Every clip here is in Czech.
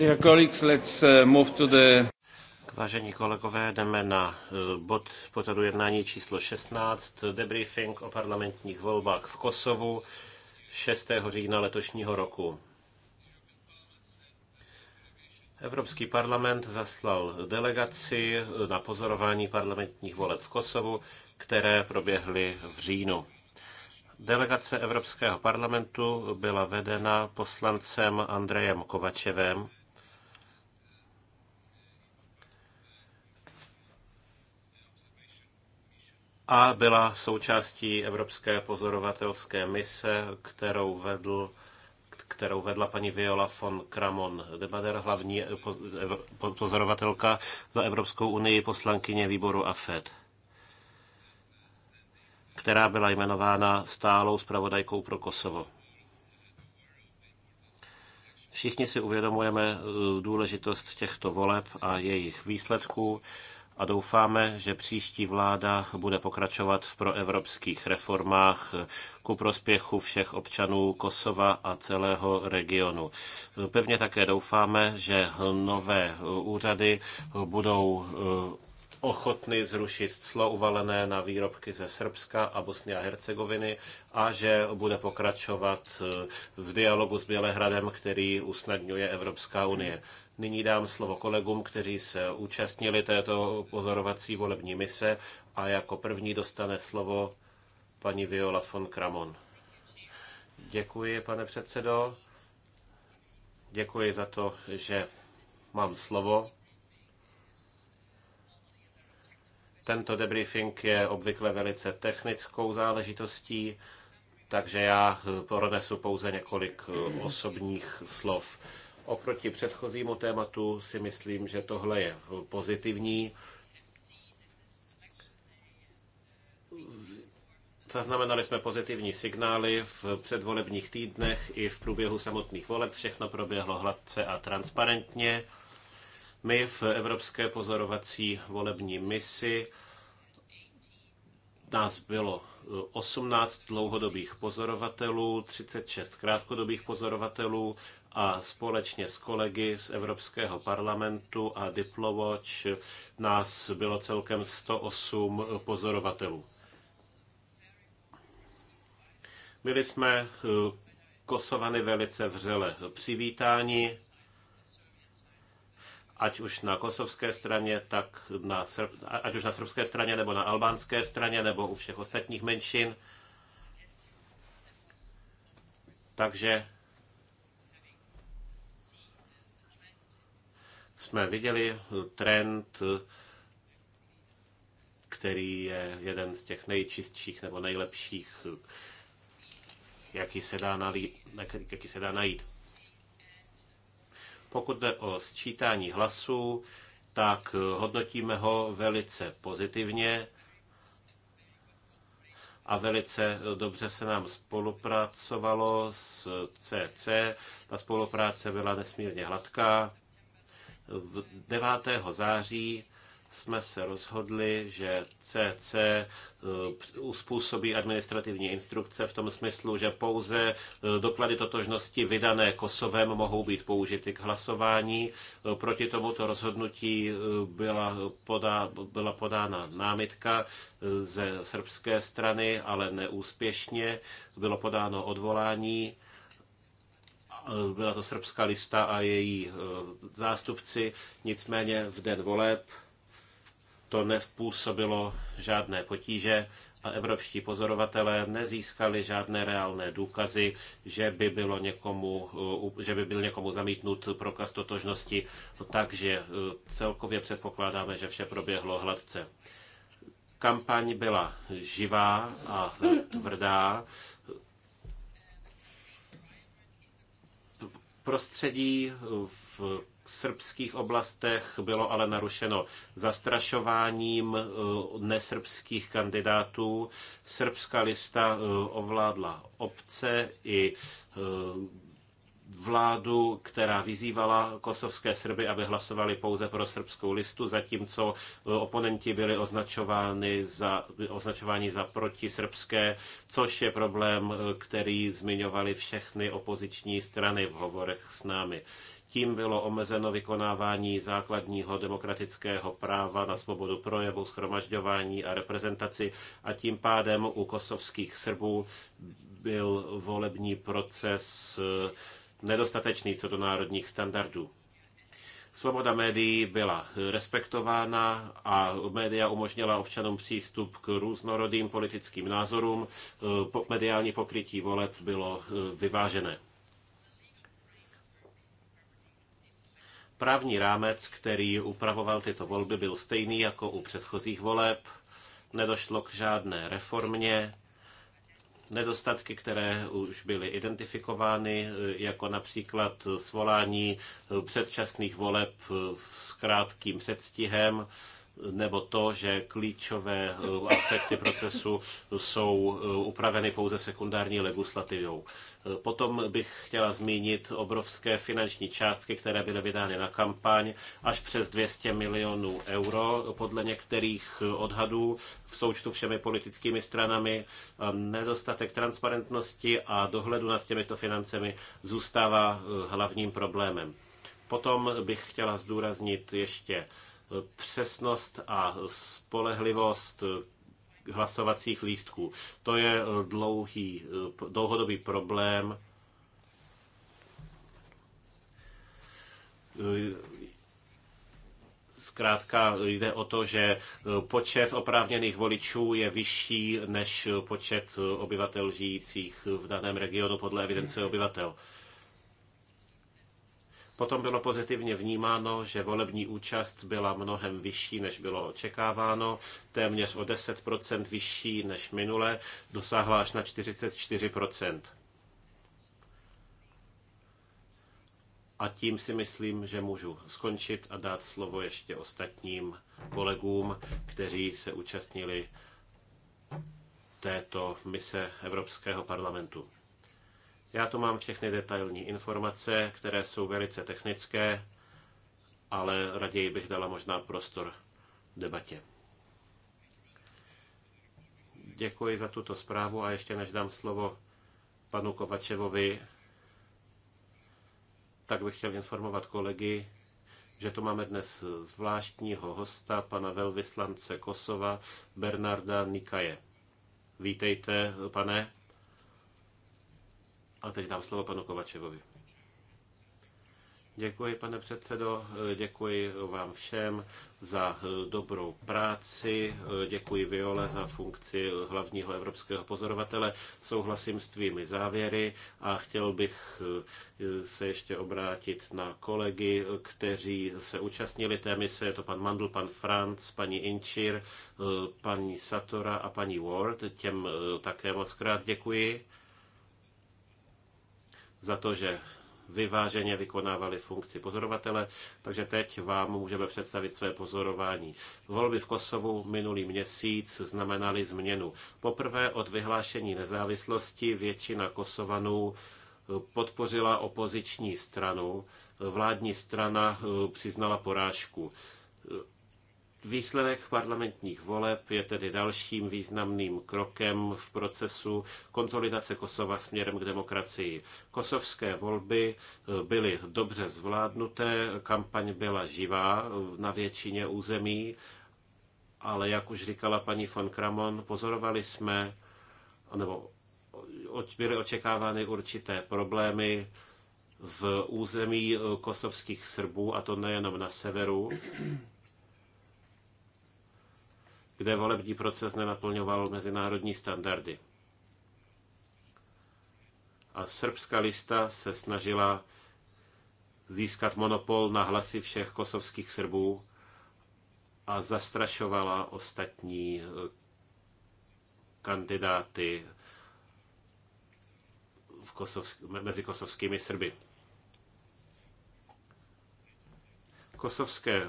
Uh, vážení kolegové, jdeme na uh, bod pořadu jednání číslo 16, debriefing o parlamentních volbách v Kosovu 6. října letošního roku. Evropský parlament zaslal delegaci na pozorování parlamentních voleb v Kosovu, které proběhly v říjnu. Delegace Evropského parlamentu byla vedena poslancem Andrejem Kovačevem a byla součástí Evropské pozorovatelské mise, kterou vedl kterou vedla paní Viola von Kramon Debader, hlavní eh, pozorovatelka za Evropskou unii, poslankyně výboru AFED, která byla jmenována stálou zpravodajkou pro Kosovo. Všichni si uvědomujeme eh, důležitost těchto voleb a jejich výsledků a doufáme, že příští vláda bude pokračovat v proevropských reformách ku prospěchu všech občanů Kosova a celého regionu. Pevně také doufáme, že nové úřady budou eh, ochotny zrušit clo uvalené na výrobky ze Srbska a Bosny a Hercegoviny a že bude pokračovat eh, v dialogu s Bělehradem, který usnadňuje Evropská unie. Nyní dám slovo kolegům, kteří se účastnili této pozorovací volební mise a jako první dostane slovo paní Viola von Kramon. Děkuji, pane předsedo. Děkuji za to, že mám slovo. Tento debriefing je obvykle velice technickou záležitostí, takže já pronesu pouze několik osobních slov. Oproti předchozímu tématu si myslím, že tohle je pozitivní. Zaznamenali jsme pozitivní signály v předvolebních týdnech i v průběhu samotných voleb. Všechno proběhlo hladce a transparentně. My v Evropské pozorovací volební misi nás bylo 18 dlouhodobých pozorovatelů, 36 krátkodobých pozorovatelů a společně s kolegy z Evropského parlamentu a Diplowatch nás bylo celkem 108 pozorovatelů. Byli jsme eh, kosovany velice vřele přivítání, ať už na kosovské straně, tak na, ať už na srbské straně, nebo na albánské straně, nebo u všech ostatních menšin. Takže jsme viděli trend, který je jeden z těch nejčistších nebo nejlepších, jaký se dá, nalít, jaký se dá najít. Pokud jde o sčítání hlasů, tak hodnotíme ho velice pozitivně a velice dobře se nám spolupracovalo s CC. Ta spolupráce byla nesmírně hladká 9. září jsme se rozhodli, že CC uspůsobí eh, administrativní instrukce v tom smyslu, že pouze eh, doklady totožnosti vydané Kosovem mohou být použity k hlasování. Eh, proti tomuto rozhodnutí byla, podá, byla podána námitka ze srbské strany, ale neúspěšně. Bylo podáno odvolání byla to srbská lista a její eh, zástupci, nicméně v den voleb to nespůsobilo žádné potíže a evropští pozorovatelé nezískali žádné reálné důkazy, že by, bylo někomu, eh, že by byl někomu zamítnut prokaz totožnosti, takže eh, celkově předpokládáme, že vše proběhlo hladce. Kampaň byla živá a tvrdá Prostředí v srbských oblastech bylo ale narušeno zastrašováním eh, nesrbských kandidátů. Srbská lista eh, ovládla obce i eh, vládu, která vyzývala kosovské Srby, aby hlasovali pouze pro srbskou listu, zatímco eh, oponenti byli označováni za, označováni za protisrbské, což je problém, eh, který zmiňovali všechny opoziční strany v hovorech s námi. Tím bylo omezeno vykonávání základního demokratického práva na svobodu projevu, schromažďování a reprezentaci a tím pádem u kosovských Srbů byl volební proces eh, nedostatečný co do národních standardů. Svoboda médií byla respektována a média umožnila občanům přístup k různorodým politickým názorům. Mediální pokrytí voleb bylo eh, vyvážené. Právní rámec, který upravoval tyto volby, byl stejný jako u předchozích voleb. Nedošlo k žádné reformě nedostatky, které už byly identifikovány, e, jako například svolání e, předčasných voleb e, s krátkým předstihem, nebo to, že klíčové eh, aspekty procesu jsou eh, upraveny pouze sekundární legislativou. Eh, potom bych chtěla zmínit obrovské finanční částky, které byly vydány na kampaň až přes 200 milionů euro podle některých odhadů v součtu všemi politickými stranami. Nedostatek transparentnosti a dohledu nad těmito financemi zůstává hlavním problémem. Potom bych chtěla zdůraznit ještě Přesnost a spolehlivost hlasovacích lístků. To je dlouhý, dlouhodobý problém. Zkrátka jde o to, že počet oprávněných voličů je vyšší než počet obyvatel žijících v daném regionu podle evidence obyvatel. Potom bylo pozitivně vnímáno, že volební účast byla mnohem vyšší, než bylo očekáváno, téměř o 10 vyšší než minule, dosáhla až na 44 A tím si myslím, že můžu skončit a dát slovo ještě ostatním kolegům, kteří se účastnili této mise Evropského parlamentu. Já tu mám všechny detailní informace, které jsou velice technické, ale raději bych dala možná prostor debatě. Děkuji za tuto zprávu a ještě než dám slovo panu Kovačevovi, tak bych chtěl informovat kolegy, že tu máme dnes zvláštního hosta, pana velvyslance Kosova, Bernarda Nikaje. Vítejte, pane. A teď dám slovo panu Kovačevovi. Děkuji, pane předsedo, děkuji vám všem za dobrou práci, děkuji Viole za funkci hlavního evropského pozorovatele, souhlasím s tvými závěry a chtěl bych se ještě obrátit na kolegy, kteří se účastnili té mise, je to pan Mandl, pan Franc, paní Inčir, paní Satora a paní Ward, těm také moc krát děkuji za to, že vyváženě vykonávali funkci pozorovatele, takže teď vám můžeme představit své pozorování. Volby v Kosovu minulý měsíc znamenaly změnu. Poprvé od vyhlášení nezávislosti většina Kosovanů eh, podpořila opoziční stranu, vládní strana eh, přiznala porážku. Eh, Výsledek parlamentních voleb je tedy dalším významným krokem v procesu konsolidace Kosova směrem k demokracii. Kosovské volby eh, byly dobře zvládnuté, kampaň byla živá eh, na většině území, ale jak už říkala paní von Kramon, pozorovali jsme, nebo byly očekávány určité problémy v území eh, kosovských Srbů, a to nejenom na severu, kde volební proces nenaplňoval mezinárodní standardy. A srbská lista se snažila získat monopol na hlasy všech kosovských Srbů a zastrašovala ostatní eh, kandidáty v kosovsk- mezi kosovskými Srby. Kosovské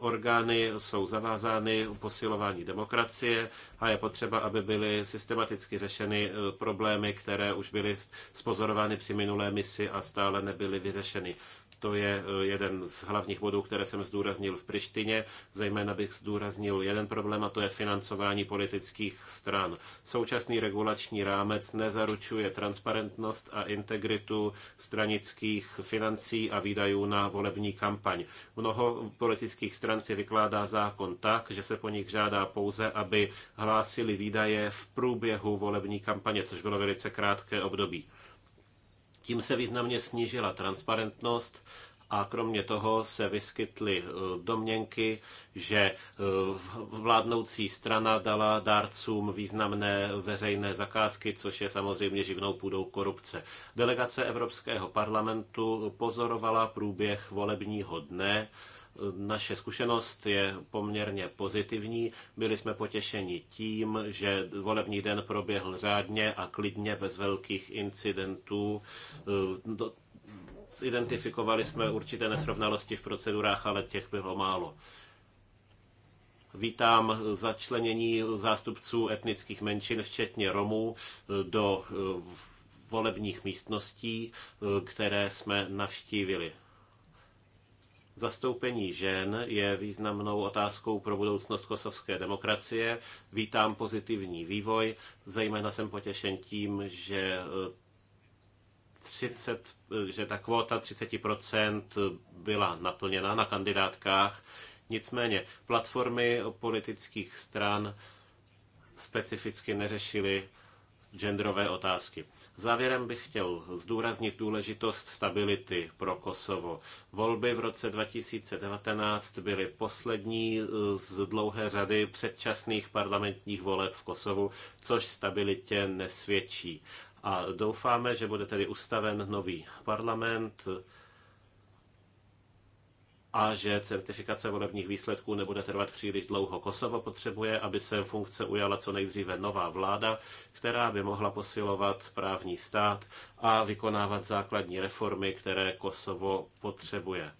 orgány jsou zavázány posilování demokracie a je potřeba, aby byly systematicky řešeny eh, problémy, které už byly spozorovány při minulé misi a stále nebyly vyřešeny. To je eh, jeden z hlavních bodů, které jsem zdůraznil v Prištině. Zejména bych zdůraznil jeden problém, a to je financování politických stran. Současný regulační rámec nezaručuje transparentnost a integritu stranických financí a výdajů na volební kampaň. Mnoho politických stran si vykládá zákon tak, že se po nich žádá pouze, aby hlásili výdaje v průběhu volební kampaně, což bylo velice krátké období. Tím se významně snížila transparentnost a kromě toho se vyskytly eh, domněnky, že eh, vládnoucí strana dala dárcům významné veřejné zakázky, což je samozřejmě živnou půdou korupce. Delegace Evropského parlamentu pozorovala průběh volebního dne naše zkušenost je poměrně pozitivní. Byli jsme potěšeni tím, že volební den proběhl řádně a klidně, bez velkých incidentů. Eh, identifikovali jsme určité nesrovnalosti v procedurách, ale těch bylo málo. Vítám začlenění zástupců etnických menšin, včetně Romů, eh, do eh, volebních místností, které jsme navštívili. Zastoupení žen je významnou otázkou pro budoucnost kosovské demokracie. Vítám pozitivní vývoj, zejména jsem potěšen tím, že 30, eh, eh, že ta kvóta 30% byla naplněna na kandidátkách. Nicméně platformy politických stran specificky neřešily genderové otázky. Závěrem bych chtěl zdůraznit důležitost stability pro Kosovo. Volby v roce 2019 byly poslední eh, z dlouhé řady předčasných parlamentních voleb v Kosovu, což stabilitě nesvědčí. A doufáme, že bude tedy ustaven nový parlament, a že certifikace volebních výsledků nebude trvat příliš dlouho. Kosovo potřebuje, aby se funkce ujala co nejdříve nová vláda, která by mohla posilovat právní stát a vykonávat základní reformy, které Kosovo potřebuje.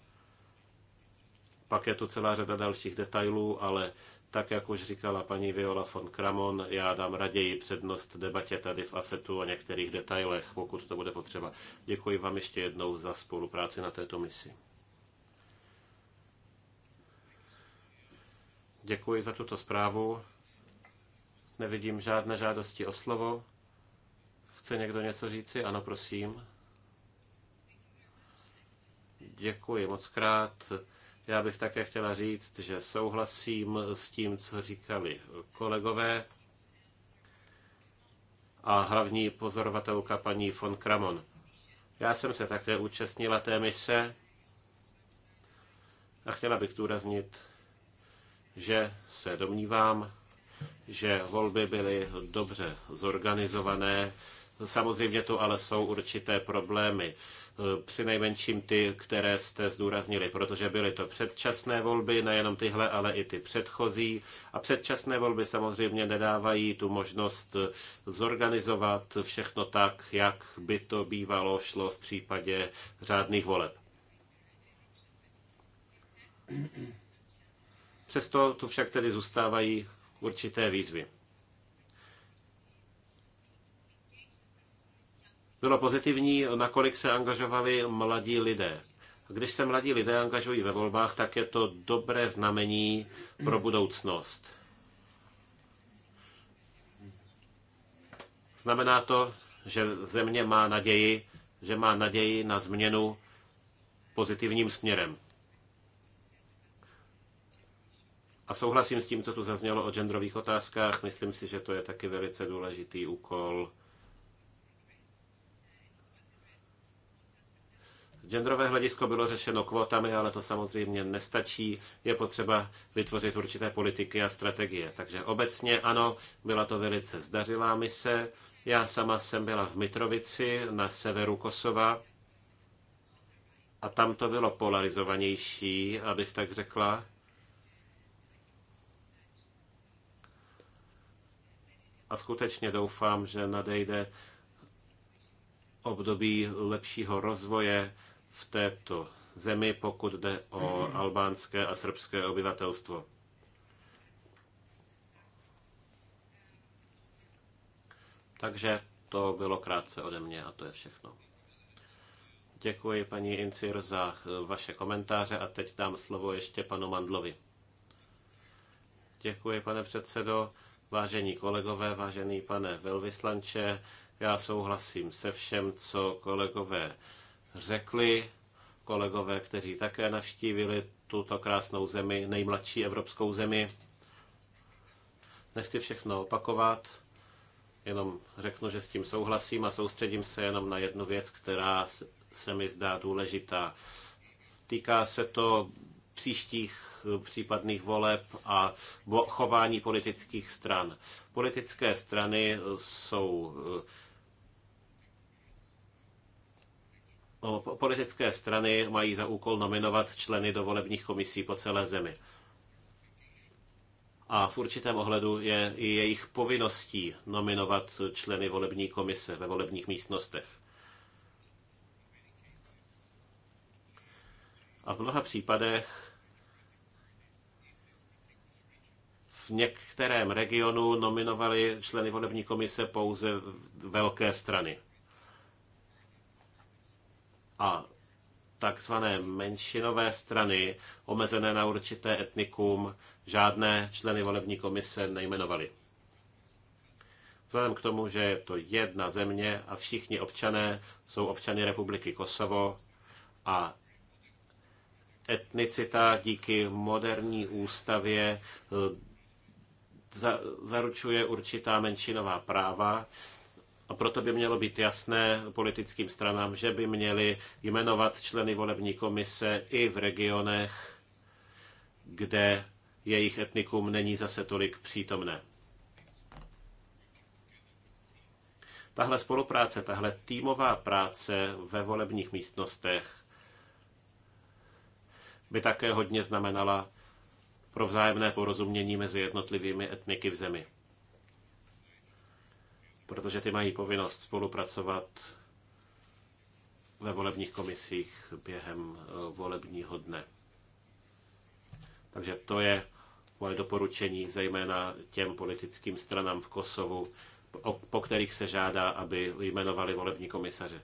Pak je tu celá řada dalších detailů, ale tak, jak už říkala paní Viola von Kramon, já dám raději přednost debatě tady v AFETu o některých detailech, pokud to bude potřeba. Děkuji vám ještě jednou za spolupráci na této misi. Děkuji za tuto zprávu. Nevidím žádné žádosti o slovo. Chce někdo něco říci? Ano, prosím. Děkuji moc krát. Já bych také chtěla říct, že souhlasím s tím, co říkali kolegové a hlavní pozorovatelka paní von Kramon. Já jsem se také účastnila té mise a chtěla bych zdůraznit, že se domnívám, že volby byly dobře zorganizované. Samozřejmě tu ale jsou určité problémy, při nejmenším ty, které jste zdůraznili, protože byly to předčasné volby, nejenom tyhle, ale i ty předchozí. A předčasné volby samozřejmě nedávají tu možnost zorganizovat všechno tak, jak by to bývalo šlo v případě řádných voleb. Přesto tu však tedy zůstávají určité výzvy. Bylo pozitivní, nakolik se angažovali mladí lidé. Když se mladí lidé angažují ve volbách, tak je to dobré znamení pro budoucnost. Znamená to, že země má naději, že má naději na změnu pozitivním směrem. A souhlasím s tím, co tu zaznělo o genderových otázkách. Myslím si, že to je taky velice důležitý úkol. Genderové hledisko bylo řešeno kvotami, ale to samozřejmě nestačí. Je potřeba vytvořit určité politiky a strategie. Takže obecně ano, byla to velice zdařilá mise. Já sama jsem byla v Mitrovici na severu Kosova a tam to bylo polarizovanější, abych tak řekla. a skutečně doufám, že nadejde období lepšího rozvoje v této zemi, pokud jde o albánské a srbské obyvatelstvo. Takže to bylo krátce ode mě a to je všechno. Děkuji paní Incir za vaše komentáře a teď dám slovo ještě panu Mandlovi. Děkuji, pane předsedo. Vážení kolegové, vážený pane velvyslanče, já souhlasím se všem, co kolegové řekli, kolegové, kteří také navštívili tuto krásnou zemi, nejmladší evropskou zemi. Nechci všechno opakovat, jenom řeknu, že s tím souhlasím a soustředím se jenom na jednu věc, která se mi zdá důležitá. Týká se to příštích eh, případných voleb a chování politických stran. Politické strany eh, jsou eh, Politické strany mají za úkol nominovat členy do volebních komisí po celé zemi. A v určitém ohledu je i jejich povinností nominovat členy volební komise ve volebních místnostech. A v mnoha případech v některém regionu nominovali členy volební komise pouze velké strany. A takzvané menšinové strany, omezené na určité etnikum, žádné členy volební komise nejmenovali. Vzhledem k tomu, že je to jedna země a všichni občané jsou občany Republiky Kosovo a etnicita díky moderní ústavě eh, zaručuje určitá menšinová práva a proto by mělo být jasné politickým stranám, že by měli jmenovat členy volební komise i v regionech, kde jejich etnikum není zase tolik přítomné. Tahle spolupráce, tahle týmová práce ve volebních místnostech by také hodně znamenala pro vzájemné porozumění mezi jednotlivými etniky v zemi. Protože ty mají povinnost spolupracovat ve volebních komisích během eh, volebního dne. Takže to je moje doporučení zejména těm politickým stranám v Kosovu, po kterých se žádá, aby jmenovali volební komisaře.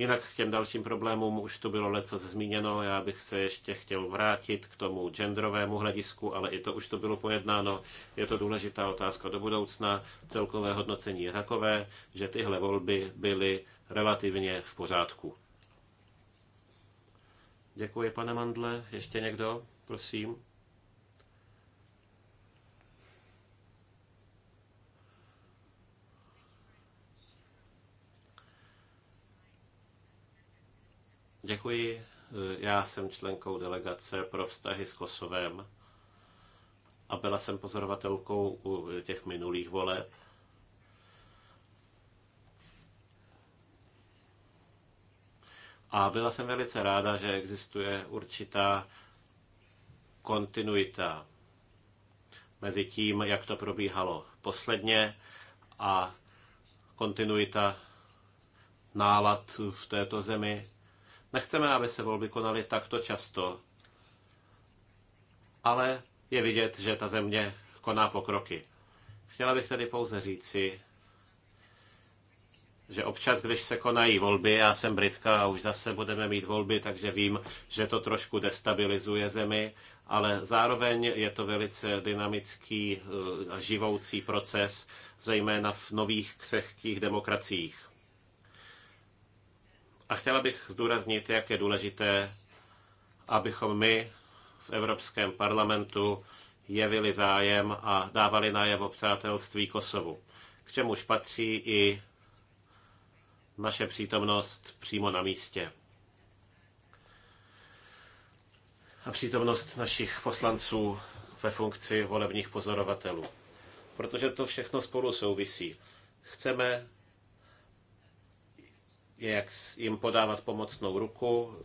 Jinak k těm dalším problémům už tu bylo leco zmíněno, já bych se ještě chtěl vrátit k tomu genderovému hledisku, ale i to už to bylo pojednáno. Je to důležitá otázka do budoucna. Celkové hodnocení je takové, že tyhle volby byly relativně v pořádku. Děkuji, pane Mandle. Ještě někdo? Prosím. Děkuji. Já jsem členkou delegace pro vztahy s Kosovem a byla jsem pozorovatelkou u těch minulých voleb. A byla jsem velice ráda, že existuje určitá kontinuita mezi tím, jak to probíhalo posledně a kontinuita nálad v této zemi Nechceme, aby se volby konaly takto často, ale je vidět, že ta země koná pokroky. Chtěla bych tedy pouze říci, že občas, když se konají volby, já jsem Britka a už zase budeme mít volby, takže vím, že to trošku destabilizuje zemi, ale zároveň je to velice dynamický eh, a živoucí proces, zejména v nových křehkých demokraciích. A chtěla bych zdůraznit, jak je důležité, abychom my v Evropském parlamentu jevili zájem a dávali najevo přátelství Kosovu, k čemuž patří i naše přítomnost přímo na místě. A přítomnost našich poslanců ve funkci volebních pozorovatelů. Protože to všechno spolu souvisí. Chceme jak jim podávat pomocnou ruku,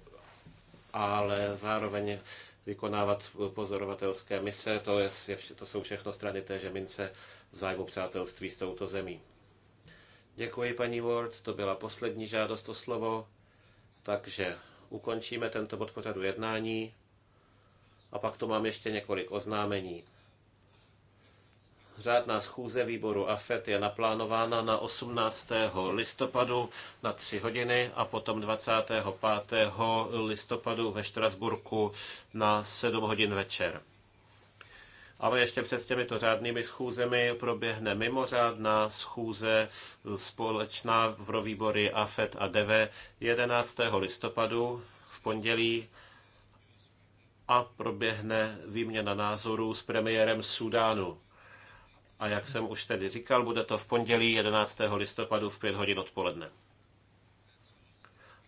ale zároveň vykonávat pozorovatelské mise. To, je, to jsou všechno strany téže mince v zájmu přátelství s touto zemí. Děkuji, paní Ward. To byla poslední žádost o slovo. Takže ukončíme tento bod pořadu jednání. A pak tu mám ještě několik oznámení. Řádná schůze výboru AFET je naplánována na 18. listopadu na 3 hodiny a potom 25. listopadu ve Štrasburku na 7 hodin večer. Ale ještě před těmito řádnými schůzemi proběhne mimořádná schůze společná pro výbory AFET a e DEVE 11. listopadu v pondělí a proběhne výměna názorů s premiérem Sudánu. A jak jsem už tedy říkal, bude to v pondělí 11. listopadu v 5 hodin odpoledne.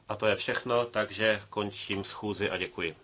A to je všechno, takže končím schůzi a děkuji.